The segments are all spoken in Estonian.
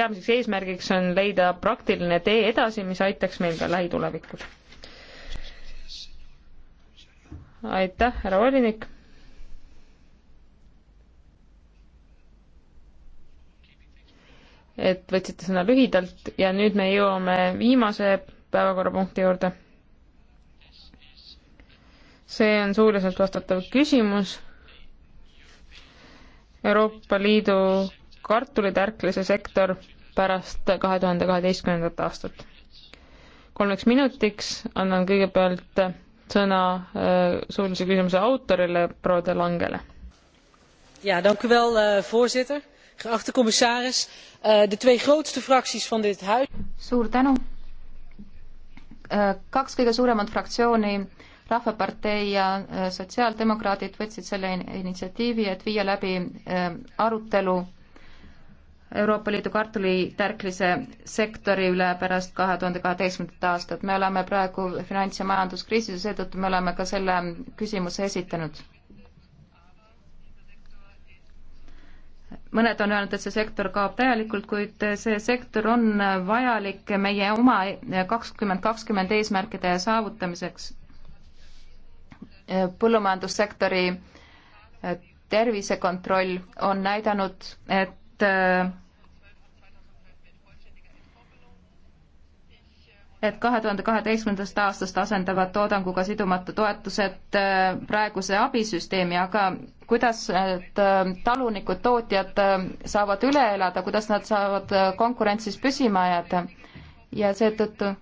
peamiseks eesmärgiks on leida praktiline tee edasi, mis aitaks meil ka lähitulevikus. aitäh, härra volinik et võtsite sõna lühidalt ja nüüd me jõuame viimase päevakorrapunkti juurde. see on suuliselt vastatav küsimus Euroopa Liidu kartulitärklise sektor pärast kahe tuhande kaheteistkümnendat aastat. kolmeks minutiks annan kõigepealt sõna äh, suulise küsimuse autorile, proua De Langele. ja, tänku veel, äh, voorzitter, geachte commissaris, äh, de twee grootste fraktsiis van dit huis. suur tänu. kaks kõige suuremat fraktsiooni Rahvapartei ja Sotsiaaldemokraadid võtsid selle initsiatiivi, et viia läbi arutelu Euroopa Liidu kartulitärklise sektori üle pärast kahe tuhande kaheteistkümnendat aastat. me oleme praegu finants- ja majanduskriisis ja seetõttu me oleme ka selle küsimuse esitanud. mõned on öelnud, et see sektor kaob täielikult, kuid see sektor on vajalik meie oma kakskümmend kakskümmend eesmärkide saavutamiseks. põllumajandussektori tervisekontroll on näidanud, et et et kahe tuhande kaheteistkümnendast aastast asendavad toodanguga sidumata toetused eh, praeguse abisüsteemi, aga kuidas need eh, talunikud, tootjad eh, saavad üle elada, kuidas nad saavad konkurentsis püsima jääda ja seetõttu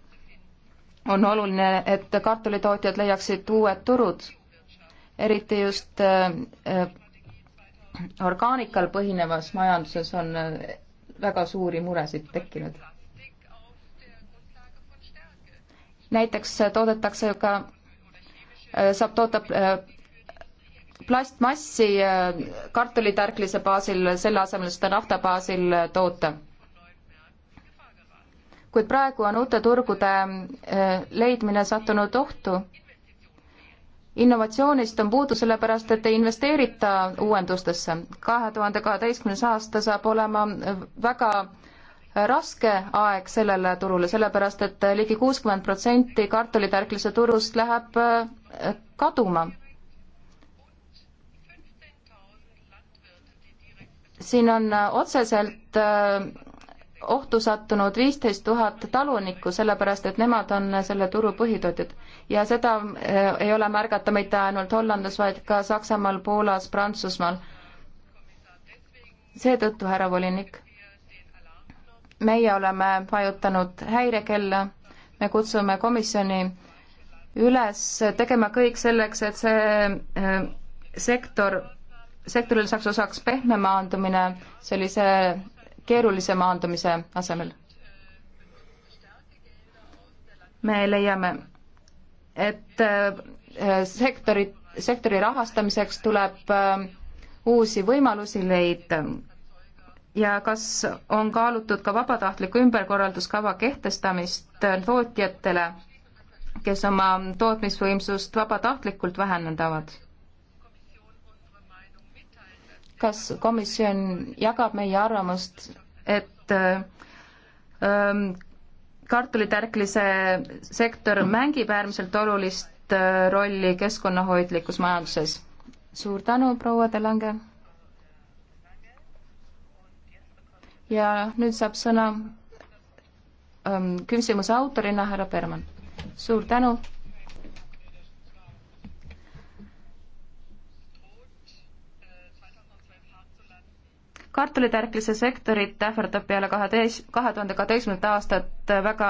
on oluline, et kartulitootjad leiaksid uued turud, eriti just orgaanikal põhinevas majanduses on äh, väga suuri muresid tekkinud. näiteks äh, toodetakse ka, äh, saab toota plastmassi kartulitärklise baasil, selle asemel seda nafta baasil toota. kuid praegu on uute turgude leidmine sattunud ohtu innovatsioonist on puudu sellepärast, et ei investeerita uuendustesse. kahe tuhande kaheteistkümnes aasta saab olema väga raske aeg sellele turule, sellepärast et ligi kuuskümmend protsenti kartulitärklise turust läheb äh, kaduma. siin on äh, otseselt äh, ohtu sattunud viisteist tuhat talunikku, sellepärast et nemad on selle turu põhitootjad. ja seda eh, ei ole märgata mitte ainult Hollandis, vaid ka Saksamaal, Poolas, Prantsusmaal. seetõttu, härra volinik, meie oleme vajutanud häirekella, me kutsume komisjoni üles tegema kõik selleks, et see eh, sektor sektoril saaks osaks pehme maandumine sellise keerulise maandumise asemel. me leiame, et äh, sektorit, sektori rahastamiseks tuleb äh, uusi võimalusi leida ja kas on kaalutud ka vabatahtliku ümberkorralduskava kehtestamist äh, tootjatele, kes oma tootmisvõimsust vabatahtlikult vähendavad? kas komisjon jagab meie arvamust et ähm, kartulitärklise sektor mängib äärmiselt olulist äh, rolli keskkonnahoidlikus majanduses. suur tänu, proua De Lange. ja nüüd saab sõna ähm, küsimuse autorina härra Berman. suur tänu kartulitärklise sektorit ähvardab peale kaheteist, kahe tuhande kaheteistkümnendat aastat väga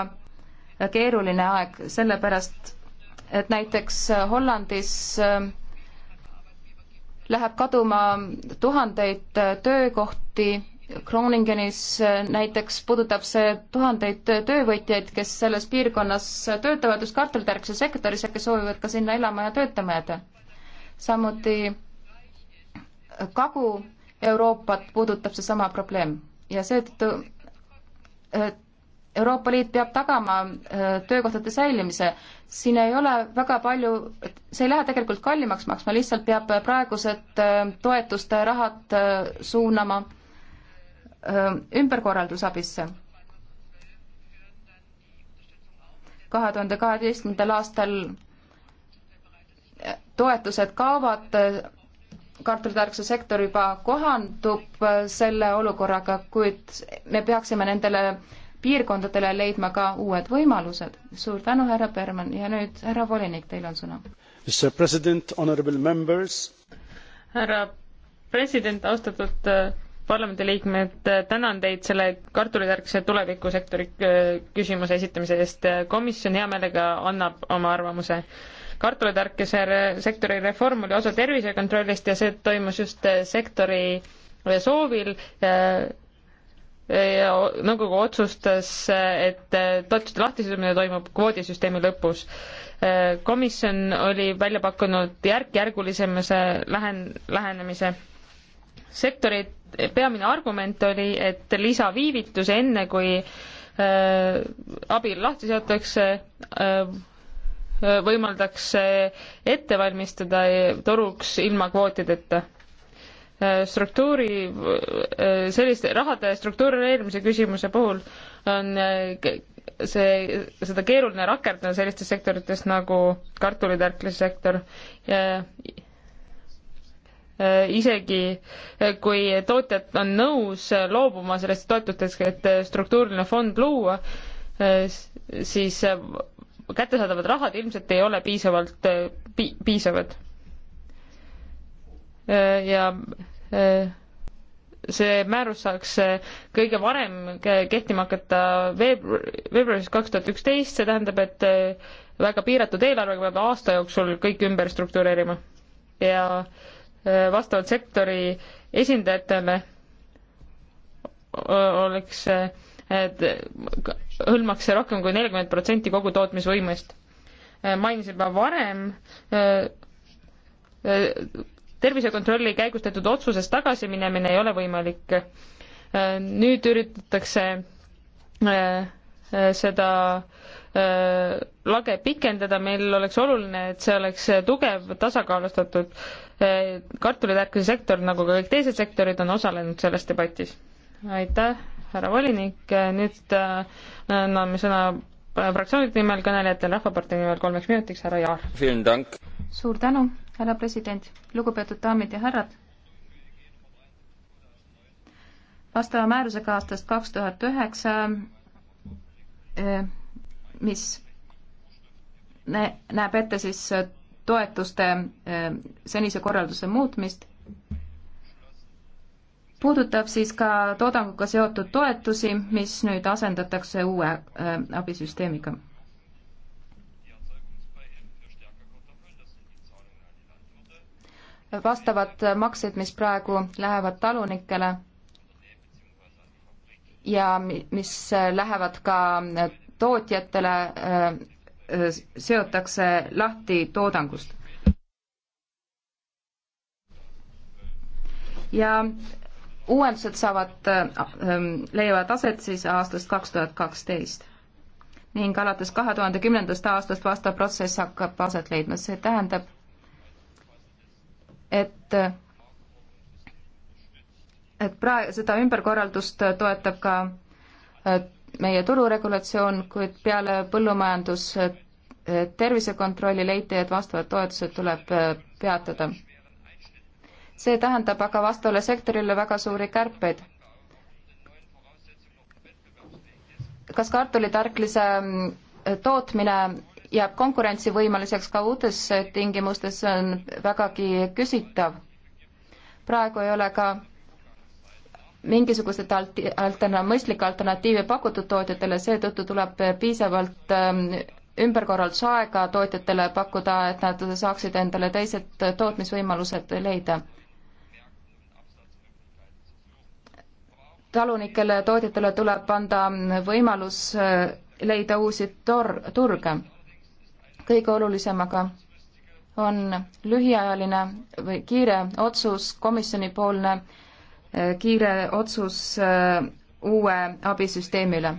keeruline aeg, sellepärast et näiteks Hollandis äh, läheb kaduma tuhandeid äh, töökohti, Groningenis äh, näiteks puudutab see tuhandeid töövõtjaid, kes selles piirkonnas töötavad just kartulitärkse sektoris ja kes soovivad ka sinna elama ja töötama jääda. samuti Kagu Euroopat puudutab seesama probleem ja seetõttu äh, Euroopa Liit peab tagama äh, töökohtade säilimise. siin ei ole väga palju, see ei lähe tegelikult kallimaks maksma, lihtsalt peab praegused äh, toetuste rahad suunama ümberkorraldusabisse. kahe tuhande kaheteistkümnendal aastal toetused kaovad kartulitarkuse sektor juba kohandub selle olukorraga, kuid me peaksime nendele piirkondadele leidma ka uued võimalused. suur tänu, härra Berman ja nüüd härra volinik, teil on sõna. härra president, austatud äh, parlamendiliikmed, äh, tänan teid selle kartulitarkuse tulevikusektori äh, küsimuse esitamise eest. komisjon hea meelega annab oma arvamuse kartulitarkuse sektori reform oli osa tervisekontrollist ja see toimus just eh, sektori eh, soovil eh, ja nõukogu otsustas, et toetuste lahtisidumine toimub kvoodisüsteemi lõpus. komisjon oli välja pakkunud järk-järgulisemise lähen-, lähenemise. sektori peamine argument oli, et lisaviivitus enne, kui äh, abi lahti seotakse äh,, võimaldaks ette valmistada toruks ilma kvootideta. struktuuri, selliste rahade struktuurireerimise küsimuse puhul on see, seda keeruline rakendada sellistes sektorites nagu kartulitärklise sektor ja isegi kui tootjad on nõus loobuma sellest toetustest, et struktuuriline fond luua, siis kättesaadavad rahad ilmselt ei ole piisavalt äh, pi-, piisavad. Äh, ja äh, see määrus saaks kõige varem kehtima hakata veebru-, veebruaris kaks tuhat üksteist, see tähendab, et väga piiratud eelarvega peab aasta jooksul kõik ümber struktureerima. ja vastavalt sektori esindajatele oleks et hõlmaks see rohkem kui nelikümmend protsenti kogu tootmisvõimest. Äh, mainisin juba varem äh, äh, tervisekontrolli käigus tehtud otsusest tagasiminemine ei ole võimalik. nüüd üritatakse seda lage pikendada, meil oleks oluline, et see oleks tugev, tasakaalustatud kartulitärkuse sektor, nagu ka kõik teised sektorid, on osalenud selles debatis. aitäh härra volinik, nüüd äh, anname sõna äh, fraktsioonide nimel kõnelejatel, Rahvapartei nimel kolmeks minutiks, härra Jaar. suur tänu, härra president, lugupeetud daamid ja härrad. vastava määrusega aastast kaks tuhat üheksa, äh, mis näeb ette siis toetuste senise korralduse muutmist puudutab siis ka toodanguga seotud toetusi, mis nüüd asendatakse uue äh, abisüsteemiga. vastavad maksed, mis praegu lähevad talunikele ja mis lähevad ka tootjatele äh,, äh seotakse lahti toodangust. ja uuendused saavad, äh, ähm, leiavad aset siis aastast kaks tuhat kaksteist ning alates kahe tuhande kümnendast aastast vastav protsess hakkab aset leidma, see tähendab, et et praegu seda ümberkorraldust toetab ka äh, meie tururegulatsioon, kuid peale põllumajandus äh, tervisekontrolli leiti, et vastavad toetused tuleb peatada see tähendab aga vastavale sektorile väga suuri kärpeid. kas kartulitarklise mm, tootmine jääb konkurentsivõimeliseks ka uutes tingimustes, see on vägagi küsitav. praegu ei ole ka mingisuguseid alti-, alterna-, mõistlikke alternatiive pakutud tootjatele, seetõttu tuleb piisavalt mm, ümberkorraldusaega tootjatele pakkuda, et nad saaksid endale teised tootmisvõimalused leida. talunikele ja tootjatele tuleb anda võimalus äh, leida uusi tor-, turge. kõige olulisem aga on lühiajaline või kiire otsus, komisjonipoolne äh, kiire otsus äh, uue abisüsteemile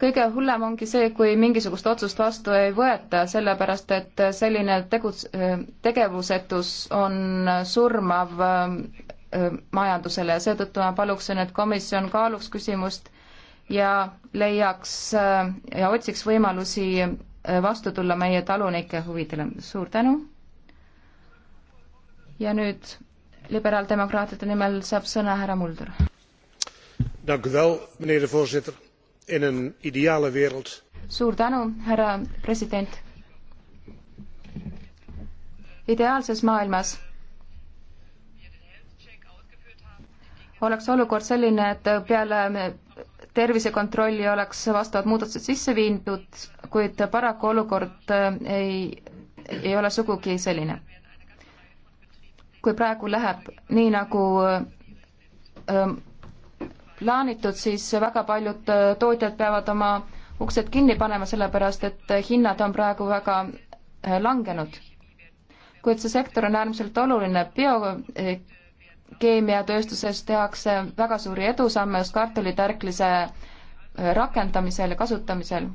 kõige hullem ongi see, kui mingisugust otsust vastu ei võeta, sellepärast et selline tegus, tegevusetus on surmav majandusele ja seetõttu ma paluksin, et komisjon kaaluks küsimust ja leiaks ja otsiks võimalusi vastu tulla meie talunike huvidele. suur tänu. ja nüüd liberaaldemokraatide nimel saab sõna härra Mulder. Dank u wel, meneer de voorzitter in een ideale wereld. suur tänu, härra president. ideaalses maailmas oleks olukord selline, et peale tervisekontrolli oleks vastavad muudatused sisse viidud, kuid paraku olukord eh, ei, ei ole sugugi selline. kui praegu läheb nii, nagu öö, eh, plaanitud, siis väga paljud äh, tootjad peavad oma uksed kinni panema, sellepärast et äh, hinnad on praegu väga äh, langenud. kuid see sektor on äärmiselt oluline, biokeemiatööstuses tehakse väga suuri edusamme just kartulitärklise rakendamisel ja kasutamisel.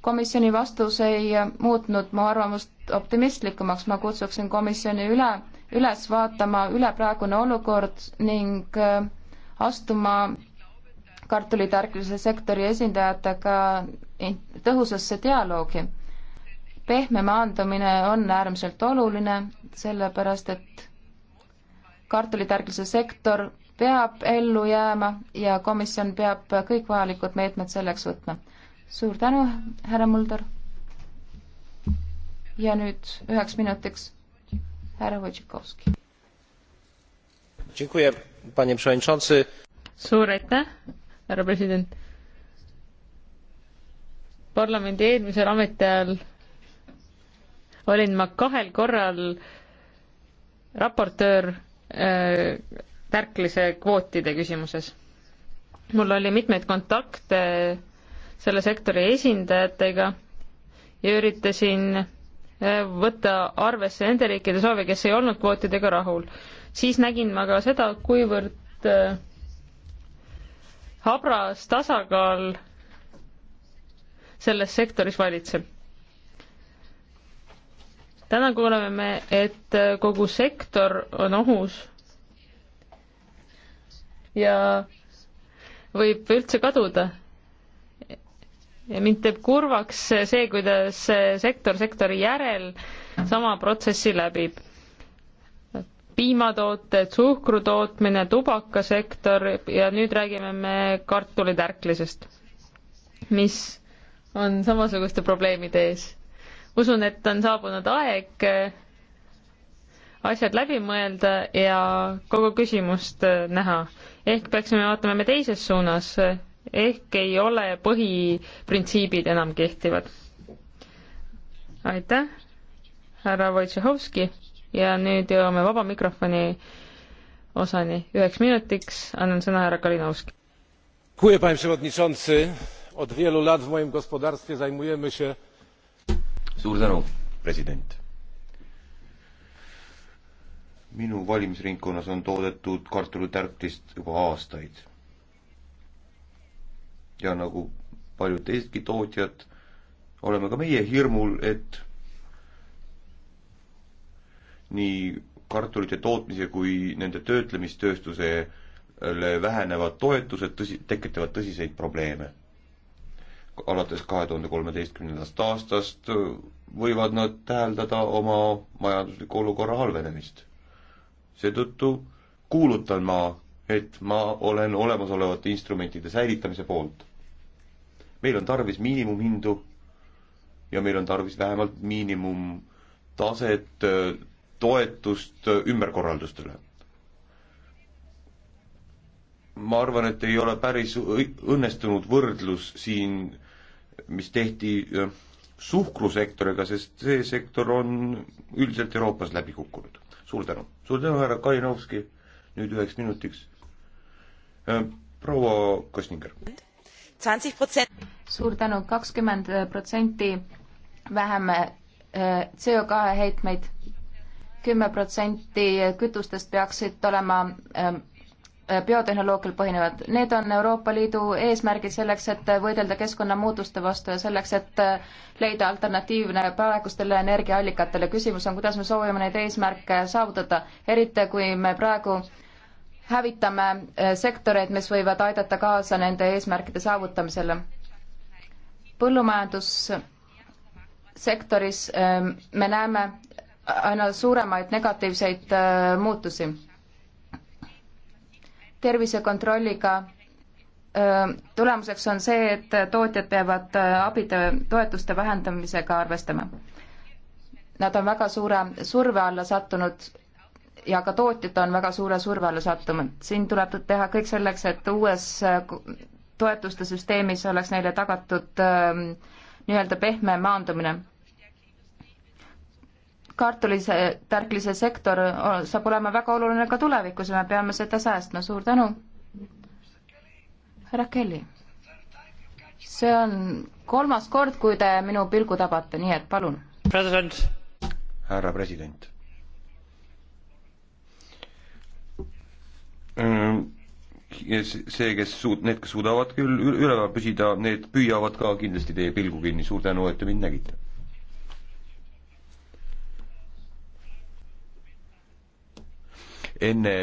komisjoni vastus ei muutnud mu arvamust optimistlikumaks, ma kutsuksin komisjoni üle, üles vaatama üle praegune olukord ning äh, astuma kartulitarkluse sektori esindajatega tõhusasse dialoogi. pehme maandumine on äärmiselt oluline, sellepärast et kartulitarkluse sektor peab ellu jääma ja komisjon peab kõik vajalikud meetmed selleks võtma. suur tänu, härra Mulder. ja nüüd üheks minutiks härra Võtšikovski suur aitäh, härra president. parlamendi eelmisel ametiajal olin ma kahel korral raportöör äh, tärklise kvootide küsimuses. mul oli mitmeid kontakte selle sektori esindajatega ja üritasin äh, võtta arvesse nende riikide soove, kes ei olnud kvootidega rahul siis nägin ma ka seda, kuivõrd äh, habras tasakaal selles sektoris valitseb. täna kuuleme me, et äh, kogu sektor on ohus ja võib üldse kaduda. ja mind teeb kurvaks see, kuidas sektor sektori järel sama protsessi läbib piimatooted, suhkru tootmine, tubakasektor ja nüüd räägime me kartulitärklisest, mis on samasuguste probleemide ees. usun, et on saabunud aeg eh, asjad läbi mõelda ja kogu küsimust eh, näha. ehk peaksime vaatama me teises suunas, eh, ehk ei ole põhiprintsiibid enam kehtivad. aitäh, härra Wojciechowski ja nüüd jõuame vaba mikrofoni osani. üheks minutiks annan sõna härra Kalinovski. Od wielu lat w moim gospodarstwie zajmujemy się suur tänu, president. minu valimisringkonnas on toodetud kartulitärklist juba aastaid. ja nagu paljud teisedki tootjad, oleme ka meie hirmul, et nii kartulite tootmise kui nende töötlemistööstusele vähenevad toetused tõsi, tekitavad tõsiseid probleeme. alates kahe tuhande kolmeteistkümnendast aastast võivad nad täheldada oma majandusliku olukorra halvenemist. seetõttu kuulutan ma, et ma olen olemasolevate instrumentide säilitamise poolt. meil on tarvis miinimumhindu ja meil on tarvis vähemalt miinimumtaset toetust äh, ümberkorraldustele. ma arvan, et ei ole päris õnnestunud võrdlus siin, mis tehti äh, suhkrusektoriga, sest see sektor on üldiselt Euroopas läbi kukkunud. suur tänu. suur tänu, härra Kalinovski, nüüd üheks minutiks. Äh, proua Kosninger. suur tänu, kakskümmend protsenti vähem CO2 heitmeid kümme protsenti kütustest peaksid olema ähm, äh, biotehnoloogial põhinevad. Need on Euroopa Liidu eesmärgid selleks, et võidelda keskkonnamuutuste vastu ja selleks, et äh, leida alternatiivne praegustele energiaallikatele. küsimus on, kuidas me soovime neid eesmärke saavutada, eriti kui me praegu hävitame äh, sektoreid, mis võivad aidata kaasa nende eesmärkide saavutamisele. põllumajandussektoris ähm, me näeme, aina suuremaid negatiivseid äh, muutusi. tervisekontrolliga äh, tulemuseks on see, et tootjad peavad äh, abide, toetuste vähendamisega arvestama. Nad on väga suure surve alla sattunud ja ka tootjad on väga suure surve alla sattunud. siin tuleb teha kõik selleks, et uues toetuste süsteemis oleks neile tagatud ähm, nii-öelda pehme maandumine kartulise, tärklise sektor saab olema väga oluline ka tulevikus ja me peame seda säästma, suur tänu. härra Kelly, see on kolmas kord, kui te minu pilgu tabate, nii et palun. president. härra president. Ehm, see, kes suud-, need, kes suudavad küll üleval püsida, need püüavad ka kindlasti teie pilgu kinni, suur tänu, et te mind nägite enne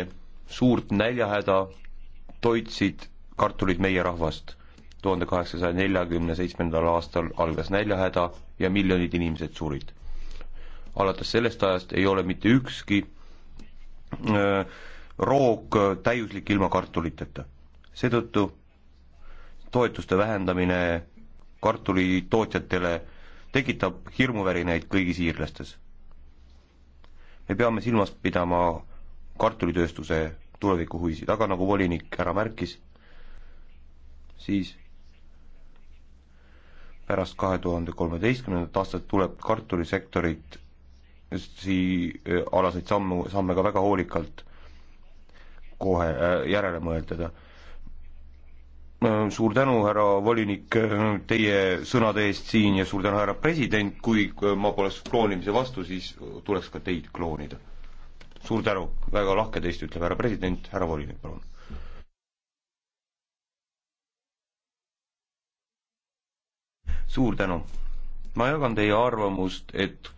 suurt näljahäda toitsid kartulid meie rahvast. tuhande kaheksasaja neljakümne seitsmendal aastal algas näljahäda ja miljonid inimesed surid. alates sellest ajast ei ole mitte ükski öö, roog täiuslik ilma kartuliteta. seetõttu toetuste vähendamine kartulitootjatele tekitab hirmuvärinaid kõigis iirlastes. me peame silmas pidama kartulitööstuse tulevikuhuvisid, aga nagu volinik ära märkis, siis pärast kahe tuhande kolmeteistkümnendat aastat tuleb kartulisektorit sii-, alaseid sammu, samme ka väga hoolikalt kohe äh, järele mõeldada. Äh, suur tänu, härra volinik, äh, teie sõnade eest siin ja suur tänu, härra president, kui ma poleks kloonimise vastu, siis tuleks ka teid kloonida suur tänu, väga lahke teist, ütleb härra president, härra volinik, palun. suur tänu. ma jagan teie arvamust, et,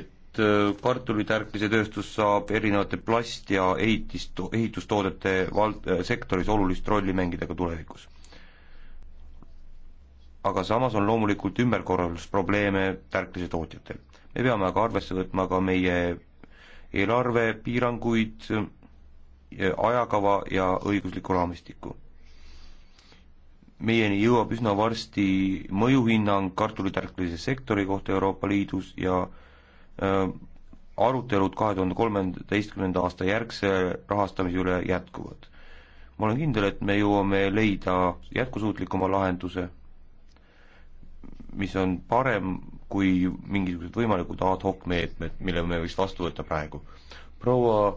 et kartulitärkisetööstus saab erinevate plast- ja ehitist, ehitustoodete vald-, sektoris olulist rolli mängida ka tulevikus aga samas on loomulikult ümberkorraldusprobleeme tärklisetootjatel me peame aga arvesse võtma ka meie eelarvepiiranguid, ajakava ja õiguslikku raamistikku. meieni jõuab üsna varsti mõjuhinnang kartulitärklise sektori kohta Euroopa Liidus ja äh, arutelud kahe tuhande kolmeteistkümnenda aasta järgse rahastamise üle jätkuvad. ma olen kindel, et me jõuame leida jätkusuutlikuma lahenduse mis on parem kui mingisugused võimalikud ad hoc meetmed, mille me võiks vastu võtta praegu. proua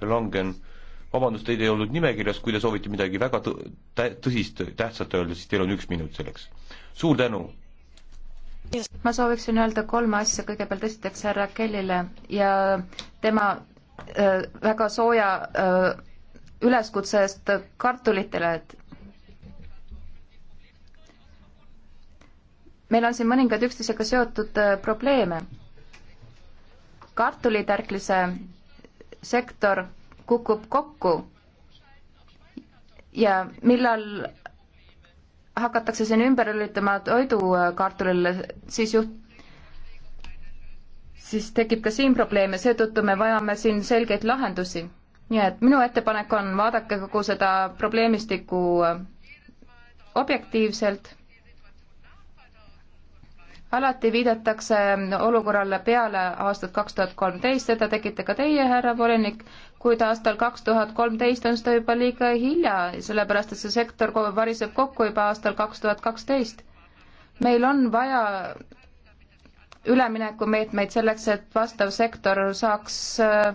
Langen, vabandust, teid ei olnud nimekirjas, kui te soovite midagi väga tõ-, tä-, tõsist, tähtsat öelda, siis teil on üks minut selleks. suur tänu! ma sooviksin öelda kolme asja, kõigepealt esiteks härra Kellile ja tema äh, väga sooja äh, üleskutse eest kartulitele, et meil on siin mõningaid üksteisega seotud äh, probleeme. kartulitärklise sektor kukub kokku ja millal hakatakse siin ümber lülitama toidukartulile, äh, siis juht-, siis tekib ka siin probleeme, seetõttu me vajame siin selgeid lahendusi. nii et minu ettepanek on, vaadake kogu seda probleemistikku äh, objektiivselt alati viidatakse olukorrale peale aastat kaks tuhat kolmteist, seda tegite ka teie, härra volinik, kuid aastal kaks tuhat kolmteist on seda juba liiga hilja, sellepärast et see sektor variseb kokku juba aastal kaks tuhat kaksteist. meil on vaja üleminekumeetmeid selleks, et vastav sektor saaks äh,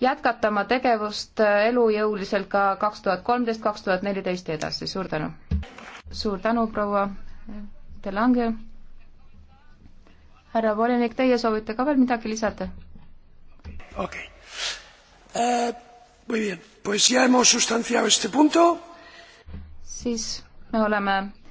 jätkata oma tegevust äh, elujõuliselt ka kaks tuhat kolmteist, kaks tuhat neliteist ja edasi, suur tänu! suur tänu, proua De Lange! härra volinik, teie soovite ka veel midagi lisada? okei okay. uh,. Eh, muy bien, pues ya hemos sustanciado este punto. siis me oleme